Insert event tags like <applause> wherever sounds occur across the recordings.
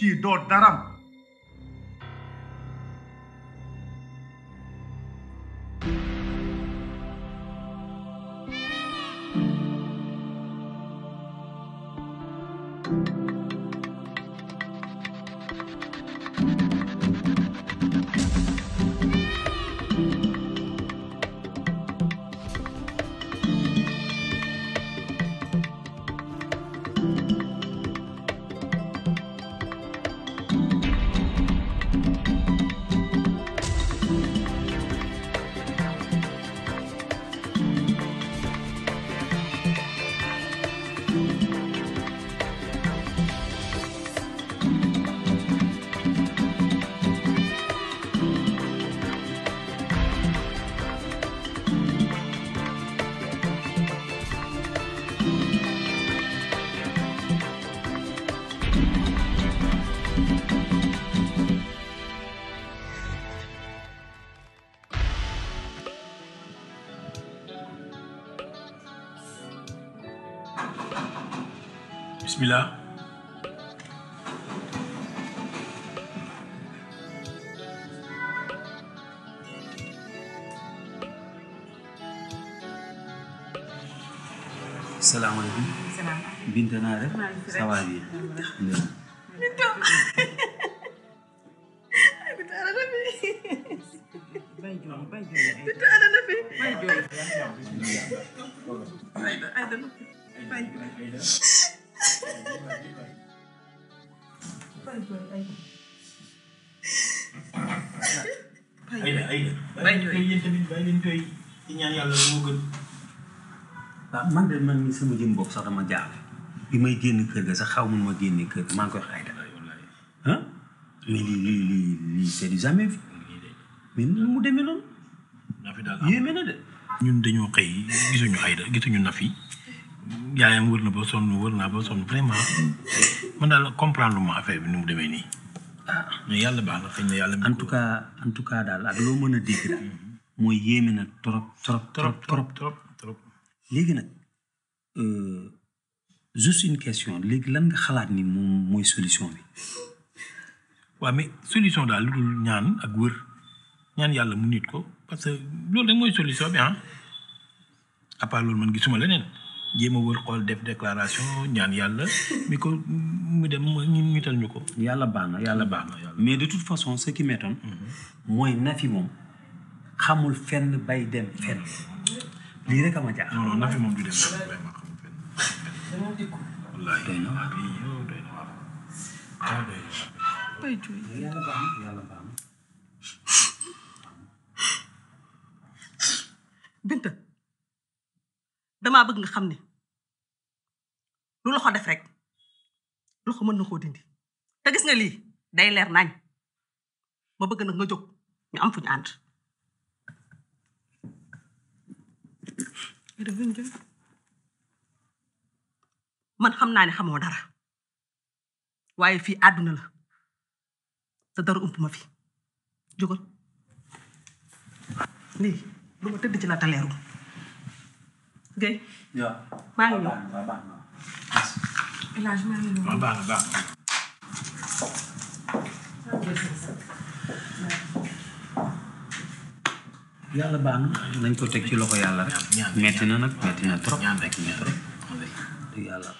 kii doo daram بسم الله السلام عليكم السلام بنت نادر نعم، سوادية الحمد لله yéen tamit bàyyi leen koy di ñaan yàlla moo gën. waaw man de man mi sama jëm bopp sax dama jaaxle bi may génn kër ga sax xaw ma ma kër ga ngi koy xayda ah mais lii lii lii lii c'est du jamais vu mais nu mu demee noonu yéeme na de ñun dañoo xëy gisuñu xayda gisuñu nafi yaayam wër ba sonn wër ba sonn vraiment man comprendre ma affaire bi ni mu demee nii ah mais yàlla baax na xëy na yàlla en tout cas en tout cas daal ak loo mën a dégg daal mooy yéeme na trop trop trop trop trop trop léegi nag euh, juste une question léegi lan nga xalaat ni moom mooy solution bi waaw mais solution daal lu dul ñaan ak wër ñaan yàlla mu nit ko parce que loolu rek mooy solution bi ah à part loolu man gisuma leneen jéem a wër xool def déclaration ñaan yàlla mi ko mu dem ñu ñu tal ñu ko. yàlla baax na yàlla baax na. mais de toute façon ce qui m'étonne mhm. mooy Nafi moom. xamul fen bay dem fenn lii rek a ma jaaxal. moom na waar Binta damaa bëgg nga xam ni lu loxo def rek loxo mën na koo dindi te gis nga lii day leer nañ ma bëgg nag nga jóg ñu am fu ñu man xam naa ne xamoo dara waaye fii àdduna la te dara ump ma fi jógal lii lu ma tëdd ci la taleeru gay maa ya. ngi ñëw élage maa ngi ñëw baax yàlla baax na nañ ko teg ci looko yàlla rek metti na nag metti na trop metti na trop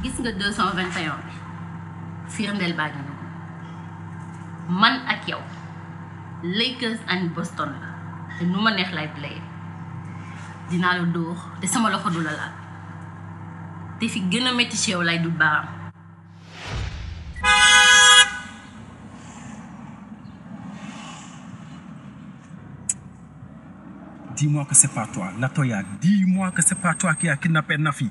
gis nga 221 bi man ak yow Lakers and Boston la ma neex lay play dinaa la dóor te sama loxo du la te fi gën a ci yow du baam Dis-moi que c'est pas toi, Dis-moi que c'est pas toi qui a kidnappé Nafi.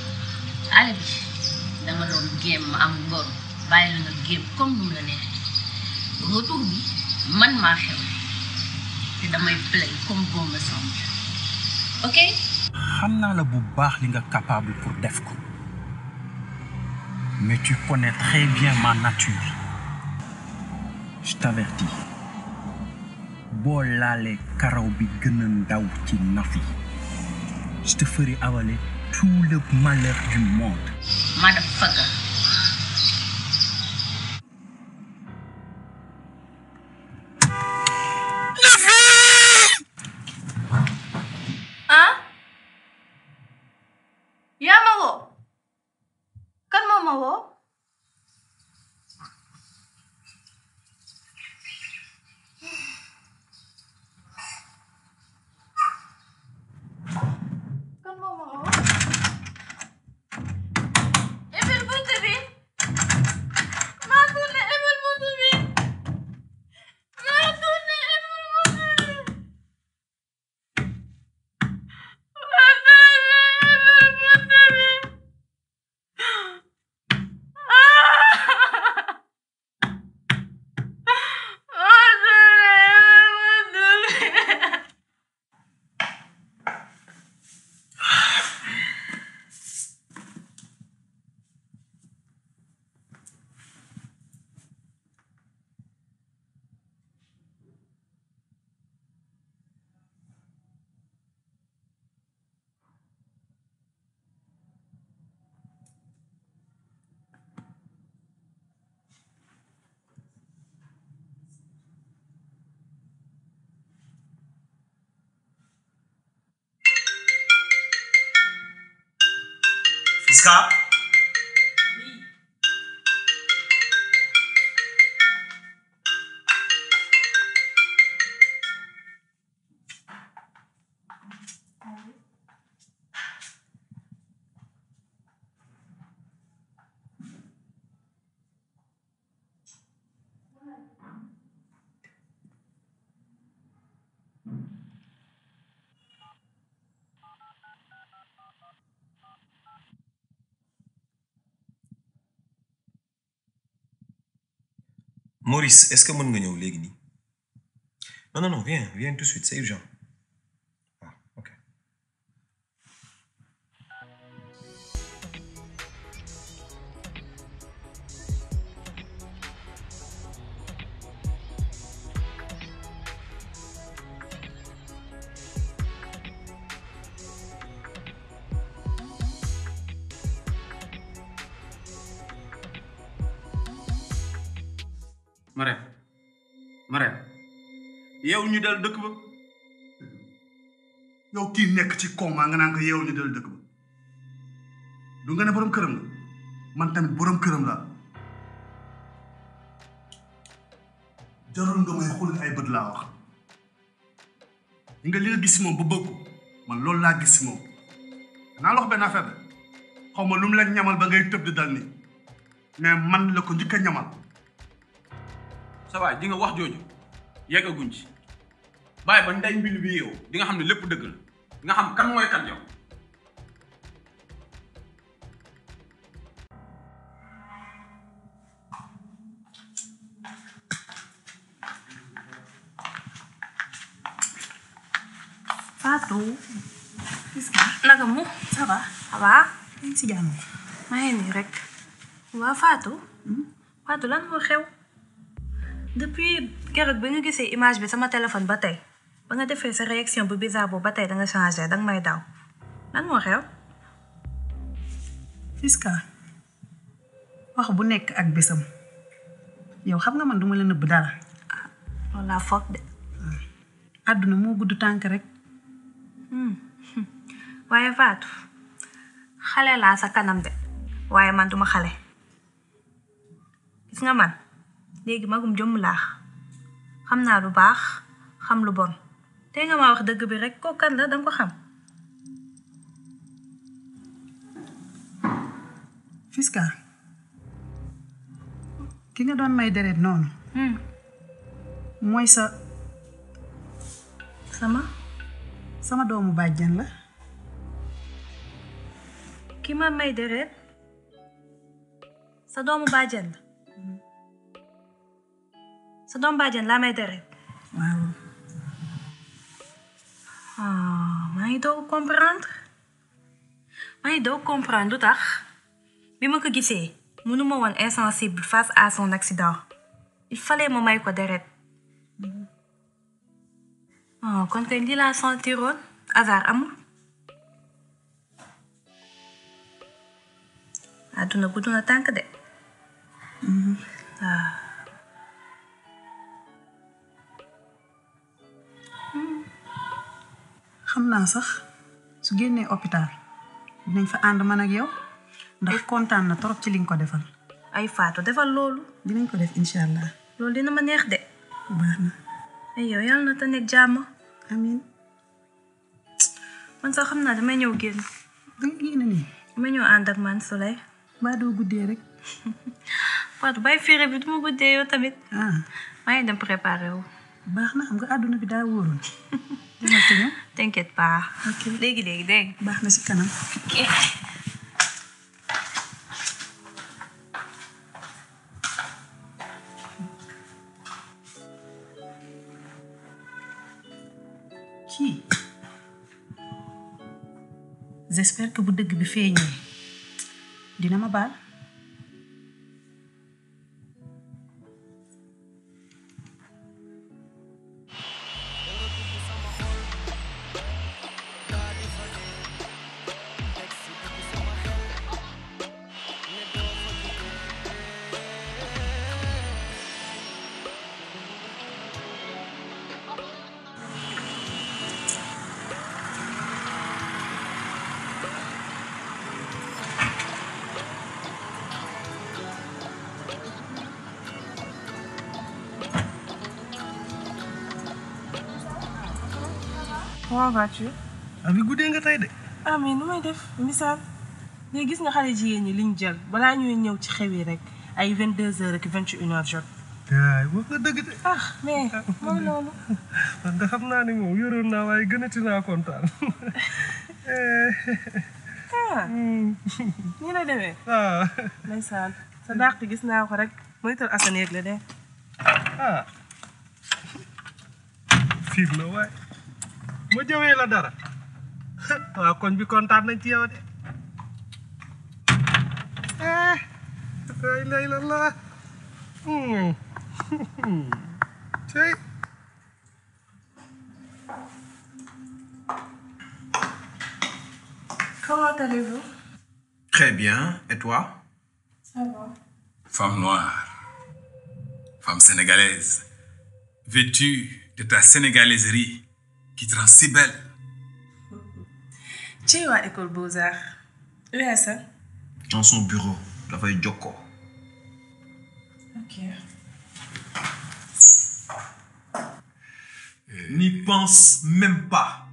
ale bi dama doon géem am ngor bàyyi la nga géem comme nu mu la neexee retour bi man maa xew te damay play comme bon me semble ok xam naa la bu baax li nga capable pour def ko mais tu connais très bien ma nature je t'avertis boo laalee karaw bi gën a ndaw ci Nafi je te ferai avaler tout le malheur du monde. Motherfucker. Hein Y'a ma woo kan ma woo इसका Maurice, est-ce que vous voulez venir Non, non, non, viens, viens tout de suite, c'est urgent. Marème Marème yow ñu dal dëkk ba yow kii nekk ci combat nga yow ñu dal dëkk ba du nga ne borom këram la man tamit borom këram la jarul nga may xul ay bët la wax li nga li nga gis moom ba bëgg man loolu laa gis moom danaa lox benn affaire xaw ma lu mu la ñamal ba ngay tëb di dal ni mais man la ko njëkk ñamal sa way di nga wax yega guñ ci bay ba nday mbil bi yow di nga xamne lepp deug la nga xam kan moy kan yow Fatou. naga mu. ça apa si jamu? main rek. wa Fatou. Hmm? Fatou lan mau kau, depuis keroog bi nga gisee image bi sama téléphone ba tey ba nga defee sa réaction bu bizarre bu ba tey da nga changé da nga may daw lan moo xew. Fiska wax bu nekk ak bésam yow xam nga man duma la nëbb dara. loolu ah, laa de. Hmm. àdduna moo rek. Hmm. <laughs> Fatou sa kanam de waaye man duma xale gis nga man. léegi magum jëmm laax xam naa lu baax xam lu bon te nga ma wax dëgg bi rek kooku kan la danga ko xam Fiska ki nga doon may deret noonu hmm. mooy sa sama sama doomu bàjjan la ki ma may deret sa doomu bàjjan la C'est dăm bagen e e la mai dere. Wow. Ah, mai dou comprendre? que je comprendre, face à son accident. Il fallait mo quoi, ko deret. Ah, la sentiron, azar amul? aduna guduna tanka de. ah. xam naa sax su génnee hôpital dinañ fa ànd man ak yow ndax kontaan na trop ci liñ ko defal ay faatu defal loolu dinañ ko def incha allah loolu dina ma neex de baax na ay yow yàlla na ta nekk jàmm amin man sax xam naa damay ñëw génn danga génn nii dama ñëw ànd ak man soleil baa doo guddee rek <laughs> faatu bàyyi fiire bi duma guddee yow tamit ah maa ngi dem préparé wu baax na xam nga àdduna bi daa wóoroon <laughs> Tenket baax. ok léegi Oke, lagi, lagi, na si kanam. ok. kii j'espère que bu dëgg bi di dina mabal? comment vas-tu. Ami guddee nga tey de. ah may def misaal. mais gis na xale jigéen ñi liñ jël balaa ñuy ñëw ci xew yi rek ay vingt deux heures ak vingt et une heures de. ah mais mooy loolu. <laughs> man de xam naa ne moom yoroon naa waaye gënati naa kontaan. <laughs> <laughs> ah. ñu hmm. la demee. waaw. Ah. ndeysaan sa dàq gis naa ko rek moytal asaneeg de. ah. la dara Comment allez-vous Très bien. Et toi Ça va. Femme noire, femme sénégalaise, vêtue de ta sénégalaiserie, qui te rend si belle. Tu es à l'école Beaux-Arts. Où est ça Dans son bureau, la de Joko. Ok. N'y pense même pas.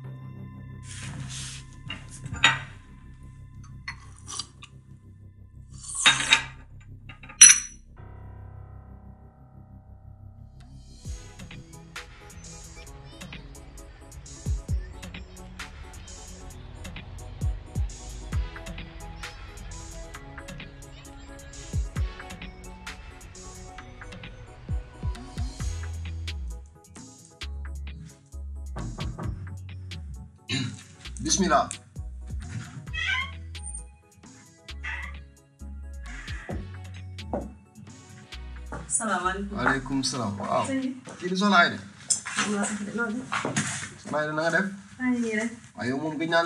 Bismillah. Assalamualaikum. Waalaikumsalam. Ini waaw. kii di Soxna Aida. maa ngi na nga def. maa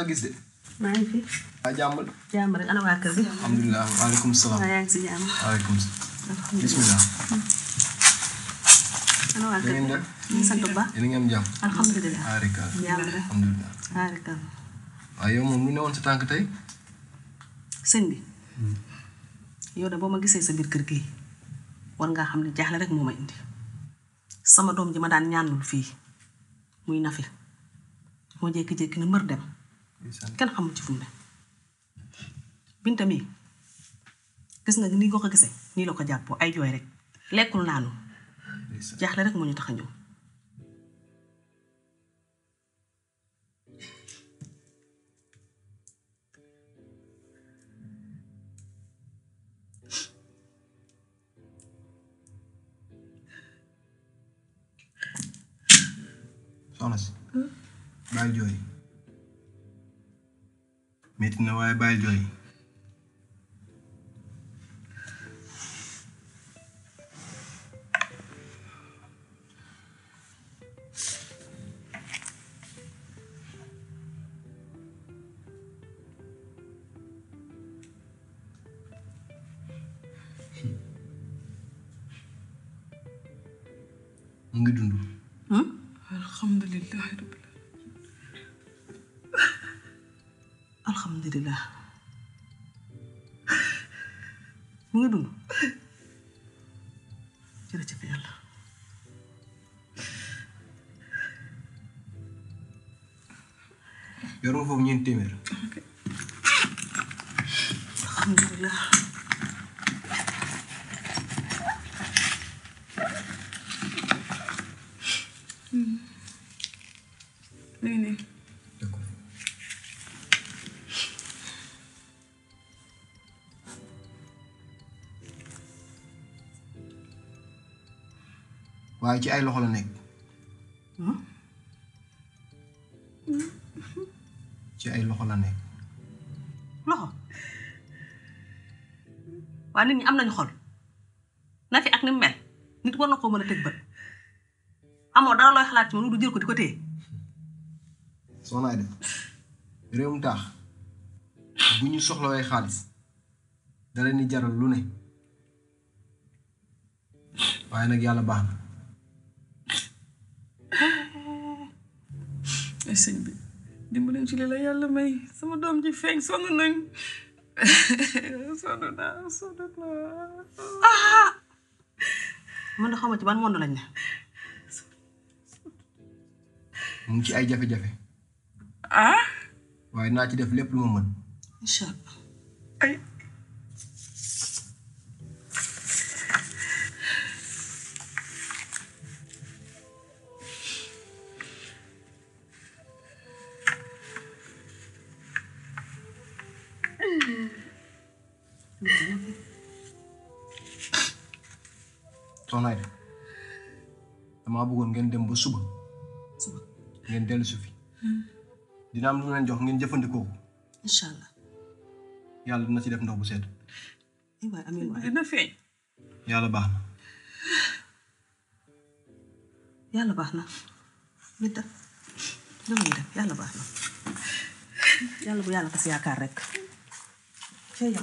gis de. Alhamdulillah. ngi fi. waa jàmm. jàmm rek Alhamdulillah. waa kër gi. alhamdulilah waaye yow moom lu ne woon sa tànk tey. sëñ bi. yow de boo ma gisee sa biir kër gi war ngaa xam ne jaaxle rek moo ma indi. sama doom ji ma daan ñaanul fii muy nafi moo jékki-jékki na mër dem. kenn xamul ci fu mu ne. Binta mii gis nga ni nga ko gisee nii la ko jàppoo ay jooy rek lekkul naanu jaaxle rek moo ñu tax a ñëw. soxna si. Hmm? baal jooy. métti na waaye baal yoroo foofu ñeent téeméer alhamdulillah Nini. waaye ci ay loxo la nekk waaye nit ñi am nañu xol na fi ak ni mel nit war na koo mën a tëg bët amoo dara looy xalaat ci moom du jël ko di ko téye. soxna Aida réewum taax bu ñu soxlawee xaalis da leen di jaral lu ne waaye nag yàlla baax na. sëñ bi dimbali yàlla may sama doom ji feeñ sonn nañ. <laughs> sonn naa sonn naa. Ah! man de xawma ci ban monde lañ ne. mu ngi ci ay jafe-jafe. ah. waaye naa ci def lépp lu ma mën. incha ay. soxna Aida damaa bëggoon ngeen dem ba suba suba ngeen dellu si fi dina ya am lu leen jox ngeen jëfandikoo ko. incha allah. yàlla dina ci def ndox bu sedd. waaye ya amiin waay dina feeñ. yàlla baax na. yàlla nit da lu muy def yàlla baax na. bu yàlla tas yaakaar rek. Ya,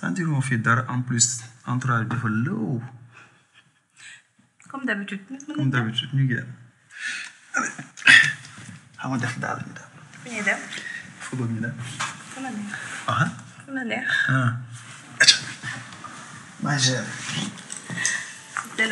qu'on fait d'art en plus entre de le l'eau. comme d'habitude. comme d'habitude n'y est-ce pas Allez. On va faire dem. fu ñuy dem. Faut pas ñu dem. fu la ah. ça. Hein? ah. C'est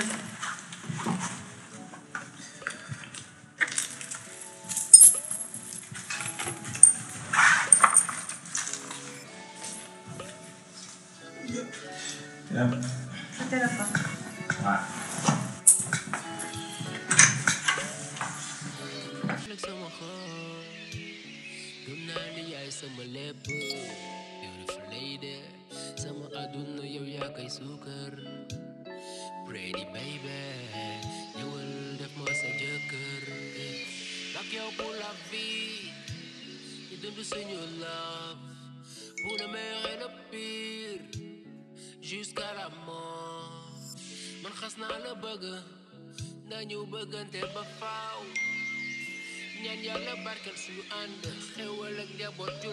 знала Бога, na ñu bëggante ba faaw ñaan yàlla barkeel suñu ànd xewal ak njaboot ju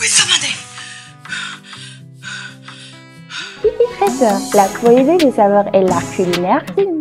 Oui, ça m'a Wisamade Kitty Fraser, la poésie des saveurs et l'art culinaire qui